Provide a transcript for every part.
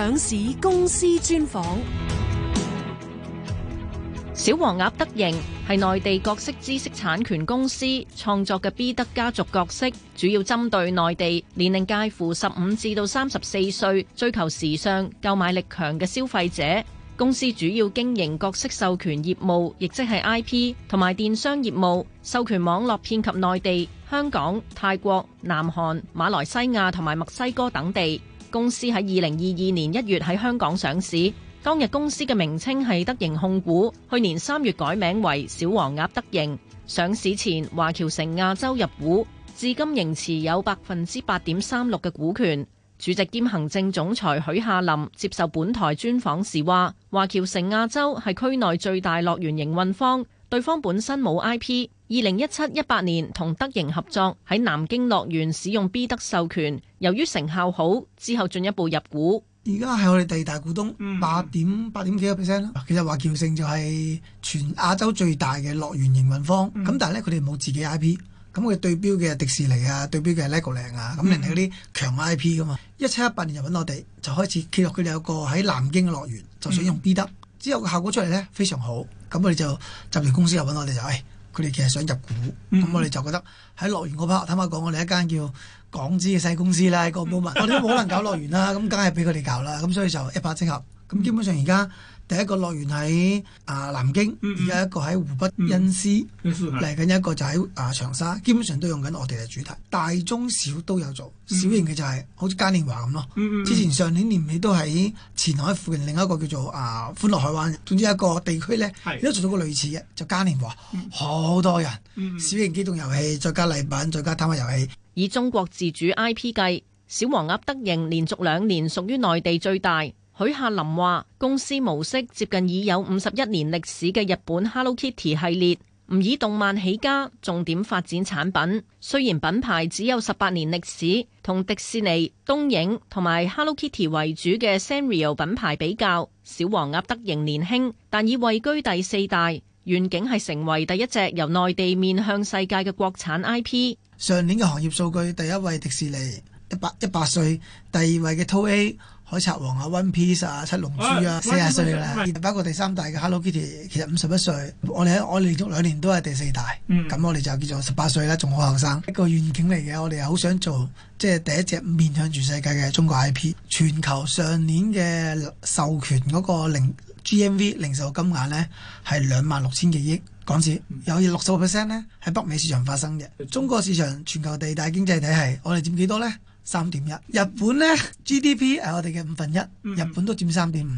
上市公司專訪，小黃鴨德盈係內地角色知識產權公司創作嘅 B.Duck 家族角色，主要針對內地年齡介乎十五至到三十四歲、追求時尚、購買力強嘅消費者。公司主要經營角色授權業務，亦即係 IP 同埋電商業務，授權網絡遍及內地、香港、泰國、南韓、馬來西亞同埋墨西哥等地。公司喺二零二二年一月喺香港上市，當日公司嘅名稱係德盈控股，去年三月改名為小黃鴨德盈。上市前，華僑城亞洲入股，至今仍持有百分之八點三六嘅股權。主席兼行政總裁許夏林接受本台專訪時話，華僑城亞洲係區內最大樂園營運方。對方本身冇 IP，二零一七一八年同德盈合作喺南京樂園使用 B 德授權，由於成效好，之後進一步入股。而家係我哋第大股東，八點八點幾個 percent。其實華強盛就係全亞洲最大嘅樂園營運方，咁、嗯、但係咧佢哋冇自己 IP，咁佢對標嘅迪士尼啊，對標嘅 LEGOLAND 啊，咁人哋嗰啲強 IP 噶嘛。一七一八年就揾我哋，就開始揭落佢哋有個喺南京嘅樂園，就想用 B 德，嗯、之後個效果出嚟咧非常好。咁我哋就集團公司又揾我哋就，誒佢哋其實想入股，咁我哋就覺得喺樂園嗰 part，坦白講我哋一間叫港資嘅細公司啦，個股民我哋都冇可能搞樂園啦，咁梗係俾佢哋搞啦，咁所以就一拍即合。咁、嗯、基本上而家第一個樂園喺啊南京，而家、嗯嗯、一個喺湖北恩施嚟緊一個就喺啊長沙。基本上都用緊我哋嘅主題，大中小都有做。小型嘅就係好似嘉年華咁咯。嗯嗯嗯、之前上年年尾都喺前海附近另一個叫做啊歡樂海灣，總之一個地區咧，都、嗯、做到個類似嘅，就嘉年華好、嗯、多人小型機動遊戲再加禮品，再加攤位遊戲，以中國自主 I P 計，小黃鴨德盈連續兩年屬於內地最大。許夏林話：公司模式接近已有五十一年歷史嘅日本 Hello Kitty 系列，唔以動漫起家，重點發展產品。雖然品牌只有十八年歷史，同迪士尼、東映同埋 Hello Kitty 為主嘅 Sanrio 品牌比較，小黃鴨德盈年輕，但已位居第四大。願景係成為第一隻由內地面向世界嘅國產 IP。上年嘅行業數據，第一位迪士尼一百一百歲，第二位嘅 Toei。海賊王啊，One Piece 啊，七龍珠啊，四十歲啦，嗯、包括第三大嘅 Hello Kitty，其實五十一歲。我哋喺我哋連續兩年都係第四大，咁我哋就叫做十八歲啦，仲好後生。一個願景嚟嘅，我哋好想做，即係第一隻面向全世界嘅中國 IP。全球上年嘅授權嗰個零 GMV 零售金額呢，係兩萬六千幾億港紙，有約六十個 percent 呢，喺北美市場發生嘅。中國市場全球第二大經濟體系，我哋佔幾多呢？三點一，日本呢 GDP 係我哋嘅五分一，日本都佔三點五。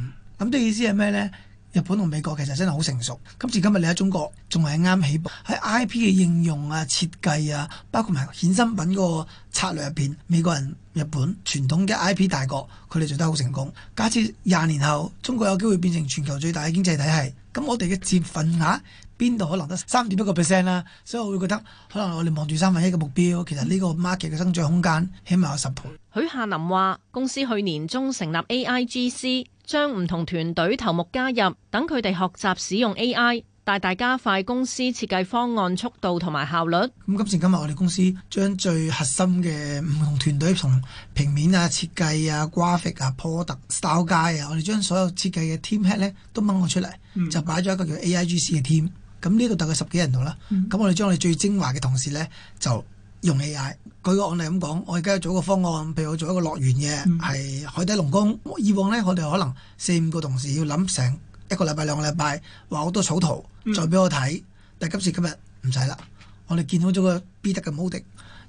咁嘅意思係咩呢？日本同美國其實真係好成熟。今時今日你喺中國仲係啱起步喺 I P 嘅應用啊、設計啊，包括埋衍生品個策略入邊，美國人、日本傳統嘅 I P 大國，佢哋做得好成功。假設廿年後中國有機會變成全球最大嘅經濟體系，咁我哋嘅佔份額，邊度可能得三點一個 percent 啦，所以我會覺得可能我哋望住三分一嘅目標，其實呢個 market 嘅增長空間起碼有十倍。許夏林話：公司去年中成立 AIGC，將唔同團隊頭目加入，等佢哋學習使用 AI，大大加快公司設計方案速度同埋效率。咁、嗯、今次時今日我哋公司將最核心嘅唔同團隊，同平面啊設計啊 graphic 啊 product style 界啊，啊 product, guy, 我哋將所有設計嘅 team head 咧都掹我出嚟，嗯、就擺咗一個叫 AIGC 嘅 team。咁呢度大概十幾人度啦，咁、嗯、我哋將我哋最精華嘅同事呢，就用 AI。舉個案例咁講，我而家要做一個方案，譬如我做一個樂園嘅係、嗯、海底龍宮。以往呢，我哋可能四五個同事要諗成一個禮拜兩個禮拜，畫好多草圖，再俾我睇。嗯、但係今時今日唔使啦，我哋見到咗個 B 得嘅 model。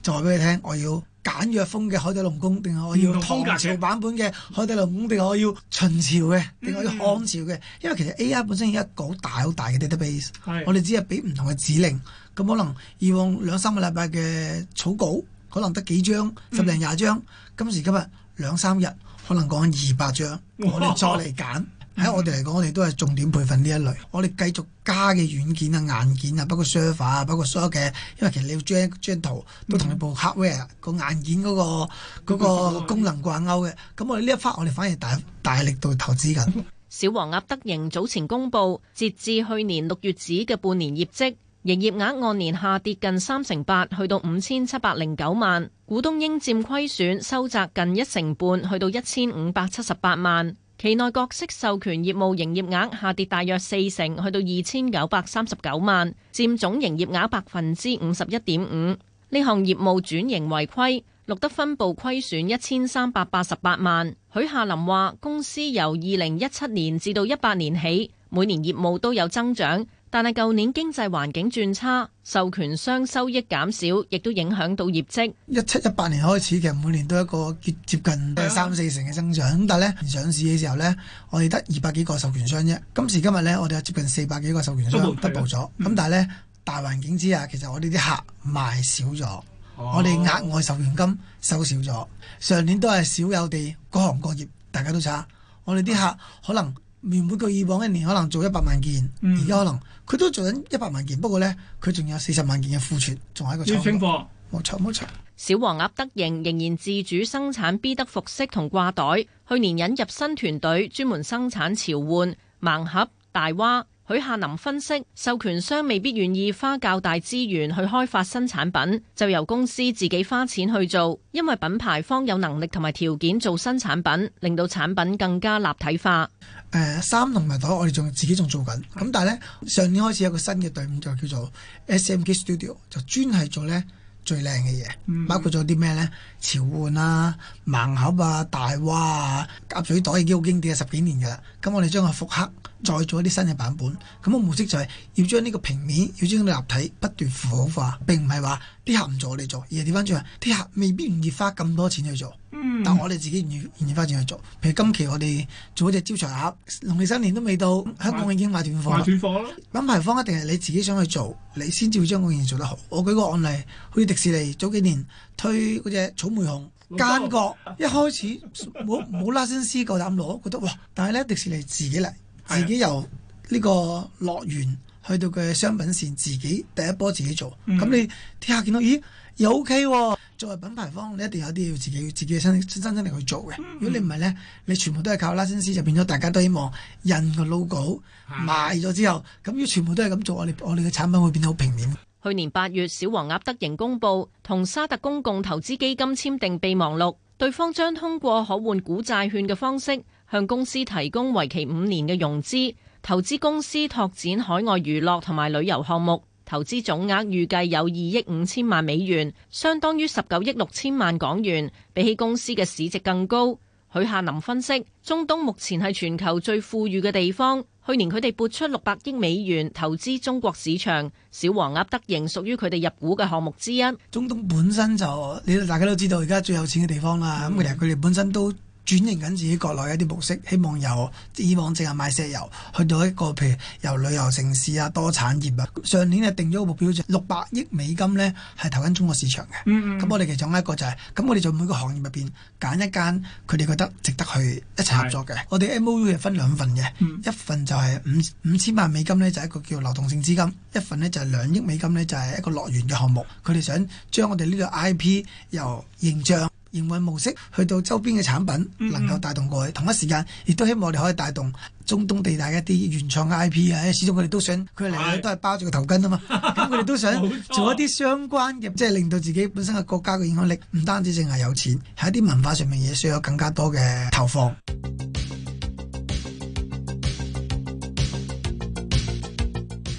就話俾你聽，我要簡約風嘅《海底龍宮》，定係我要唐朝版本嘅《海底龍宮》，定係我要秦朝嘅，定係我要漢朝嘅。嗯、因為其實 A I 本身係一個好大，好大嘅 database, 是、好大嘅 database，我哋只係俾唔同嘅指令，咁可能以往兩三個禮拜嘅草稿，可能得幾張、十零廿張，嗯、今時今日兩三日可能講二百張，我哋再嚟揀。喺我哋嚟講，我哋都係重點培訓呢一類。我哋繼續加嘅軟件啊、硬件啊，包括 server 啊，包括所有嘅。因為其實你要張張圖都同你部 hardware 個硬件嗰個功能掛鈎嘅。咁我哋呢一忽，我哋反而大大力度投資緊。小黃鴨德盈早前公布，截至去年六月止嘅半年業績，營業額按年下跌近三成八，去到五千七百零九萬；股東應佔虧損收窄近一成半，去到一千五百七十八萬。期內角色授權業務營業額下跌大約四成，去到二千九百三十九萬，佔總營業額百分之五十一點五。呢項業務轉型為虧，錄得分部虧損一千三百八十八萬。許夏林話：公司由二零一七年至到一八年起，每年業務都有增長。但係舊年經濟環境轉差，授權商收益減少，亦都影響到業績。一七一八年開始，其實每年都一個接近三四成嘅增長。啊、但係呢，上市嘅時候呢，我哋得二百幾個授權商啫。今時今日呢，我哋有接近四百幾個授權商 double 咗、啊。咁但係呢，大環境之下，其實我哋啲客賣少咗，哦、我哋額外授權金收少咗。上年都係少有地各行各業大家都差，我哋啲客可能。每每個以往一年可能做一百萬件，而家、嗯、可能佢都做緊一百萬件，不過呢，佢仲有四十萬件嘅庫存，仲喺個倉。要清貨。冇錯，冇錯。錯小黃鴨德盈仍然自主生產 B 得服飾同掛袋，去年引入新團隊，專門生產潮玩盲盒、大娃。許夏林分析，授權商未必願意花較大資源去開發新產品，就由公司自己花錢去做，因為品牌方有能力同埋條件做新產品，令到產品更加立體化。誒、呃，三同埋袋我哋仲自己仲做緊，咁但係呢，上年開始有個新嘅隊伍就叫做 SMG Studio，就專係做呢。最靚嘅嘢，嗯、包括咗啲咩呢？潮玩啊、盲盒啊、大娃啊、夾嘴袋，已經好經典啊十幾年噶啦。咁我哋將佢復刻，再做一啲新嘅版本。咁、個模式就係要將呢個平面，要將佢立體，不斷符號化，哦、並唔係話啲客唔做我哋做，而係調翻轉話，啲客未必唔願意花咁多錢去做。嗯、但我哋自己願意願意花錢去做，譬如今期我哋做嗰隻招財鴨，農曆新年都未到，香港已經買斷貨啦。買斷貨咯，品牌方一定係你自己想去做，你先至會將嗰件事做得好。我舉個案例，好似迪士尼早幾年推嗰隻草莓熊，奸角公，一開始冇冇，啊、拉新絲夠膽攞，覺得哇！但係呢迪士尼自己嚟，自己由呢個樂園去到嘅商品線，自己第一波自己做，咁你睇下見到咦又 OK 喎？嗯作為品牌方，你一定有啲要自己要自己嘅身身身力去做嘅。如果你唔係呢，嗯、你全部都係靠拉新絲，就變咗大家都希望印個 logo，賣咗的之後，咁要全部都係咁做，我哋我哋嘅產品會變得好平面。去年八月，小黃鴨德盈公布同沙特公共投資基金簽訂備忘錄，對方將通過可換股債券嘅方式，向公司提供為期五年嘅融資，投資公司拓展海外娛樂同埋旅遊項目。投資總額預計有二億五千萬美元，相當於十九億六千萬港元，比起公司嘅市值更高。許夏林分析，中東目前係全球最富裕嘅地方，去年佢哋撥出六百億美元投資中國市場，小黃鴨德盈屬於佢哋入股嘅項目之一。中東本身就，你大家都知道，而家最有錢嘅地方啦。咁其實佢哋本身都。轉型緊自己國內一啲模式，希望由以往淨係賣石油，去到一個譬如由旅遊城市啊，多產業啊。上年呢定咗個目標就六百億美金呢係投緊中國市場嘅。咁、嗯嗯、我哋其中一個就係、是，咁我哋就每個行業入邊揀一間佢哋覺得值得去一齊合作嘅。是我哋 MOU 係分兩份嘅，嗯、一份就係五五千萬美金呢就是、一個叫流動性資金；一份呢就係、是、兩億美金呢就係、是、一個樂園嘅項目。佢哋想將我哋呢個 IP 由形象。營運模式去到周邊嘅產品能夠帶動過去，嗯嗯，同一時間亦都希望我哋可以帶動中東地帶一啲原創嘅 IP 啊！因為始終佢哋都想，佢哋都係包住個頭巾啊嘛，咁佢哋都想做一啲相關嘅， 錯即係令到自己本身嘅國家嘅影響力，唔單止淨係有，有錢，喺啲文化上面也需要更加多嘅投放。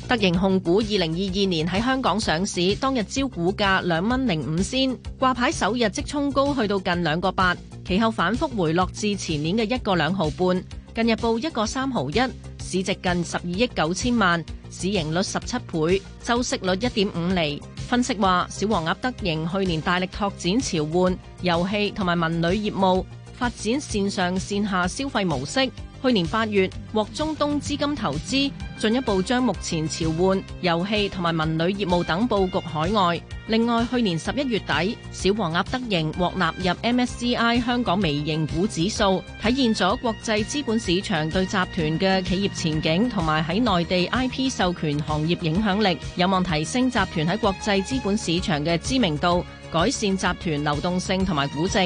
德盈控股二零二二年喺香港上市，當日招股價兩蚊零五仙，掛牌首日即衝高去到近兩個八，其後反覆回落至前年嘅一個兩毫半，近日報一個三毫一，市值近十二億九千萬，市盈率十七倍，周息率一點五厘。分析話，小黃鴨德盈去年大力拓展潮玩遊戲同埋文旅業務。發展線上線下消費模式，去年八月獲中東資金投資，進一步將目前潮玩、遊戲同埋文旅業務等布局海外。另外，去年十一月底，小黃鴨德盈獲納入 MSCI 香港微型股指數，體現咗國際資本市場對集團嘅企業前景同埋喺內地 IP 授權行業影響力，有望提升集團喺國際資本市場嘅知名度，改善集團流動性同埋估值。